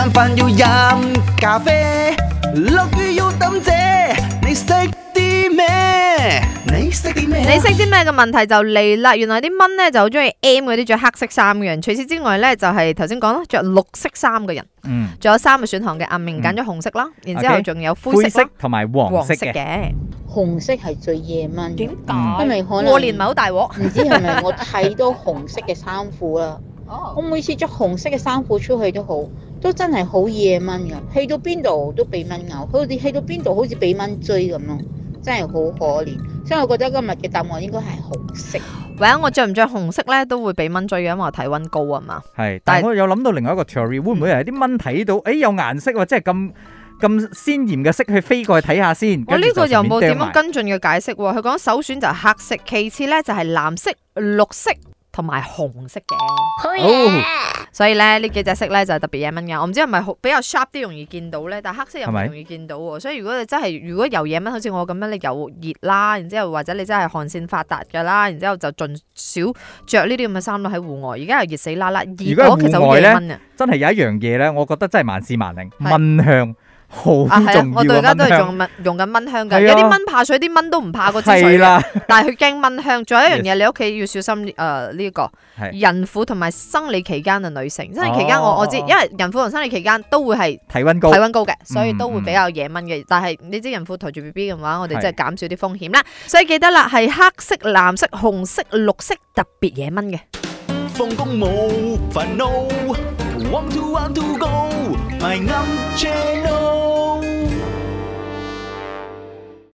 食飯要飲咖啡，落雨要抌遮。你識啲咩？你識啲咩？你識啲咩嘅問題就嚟啦。原來啲蚊咧就好中意 M 嗰啲，着黑色衫嘅人。除此之外咧，就係頭先講咯，着綠色衫嘅人，嗯，仲有三個選項嘅。阿明揀咗紅色啦，然之後仲有灰色同埋黃色嘅。紅色係最惹蚊，點解係咪可能過年冇大鑊？唔知係咪我睇到紅色嘅衫褲啦？我每次着紅色嘅衫褲出去都好。都真係好野蚊嘅，去到邊度都被蚊咬，好似去到邊度好似被蚊追咁咯，真係好可憐。所以我覺得今日嘅答案應該係紅色。或者我着唔着紅色呢，都會被蚊追，嘅，因為我體温高啊嘛。係是，但係是我有諗到另外一個 theory 會唔會係啲蚊睇到，誒、嗯欸、有顏色或者係咁咁鮮豔嘅色去飛過去睇下先。我呢個又冇點樣跟進嘅解釋喎，佢講首選就係黑色，其次呢就係藍色、綠色。同埋紅色嘅，oh, 所以咧呢幾隻色咧就係特別嘢蚊㗎。我唔知係咪好比較 sharp 啲，容易見到咧。但係黑色又唔容易見到喎。是是所以如果你真係如果有嘢蚊，好似我咁樣，你又熱啦，然之後或者你真係汗腺發達㗎啦，然之後就盡少着呢啲咁嘅衫咯喺戶外。而家又熱死啦啦，其實如果戶外咧的，真係有一樣嘢咧，我覺得真係萬事萬靈，蚊香是。好啊，係，我到而家都係用蚊用緊蚊香嘅。有啲蚊怕水，啲蚊都唔怕嗰支水嘅，但係佢驚蚊香。仲有一樣嘢，你屋企要小心誒呢一個孕婦同埋生理期間嘅女性，因為期間我我知，因為孕婦同生理期間都會係體溫高體溫高嘅，所以都會比較惹蚊嘅。但係你知孕婦抬住 B B 嘅話，我哋真係減少啲風險啦。所以記得啦，係黑色、藍色、紅色、綠色特別惹蚊嘅。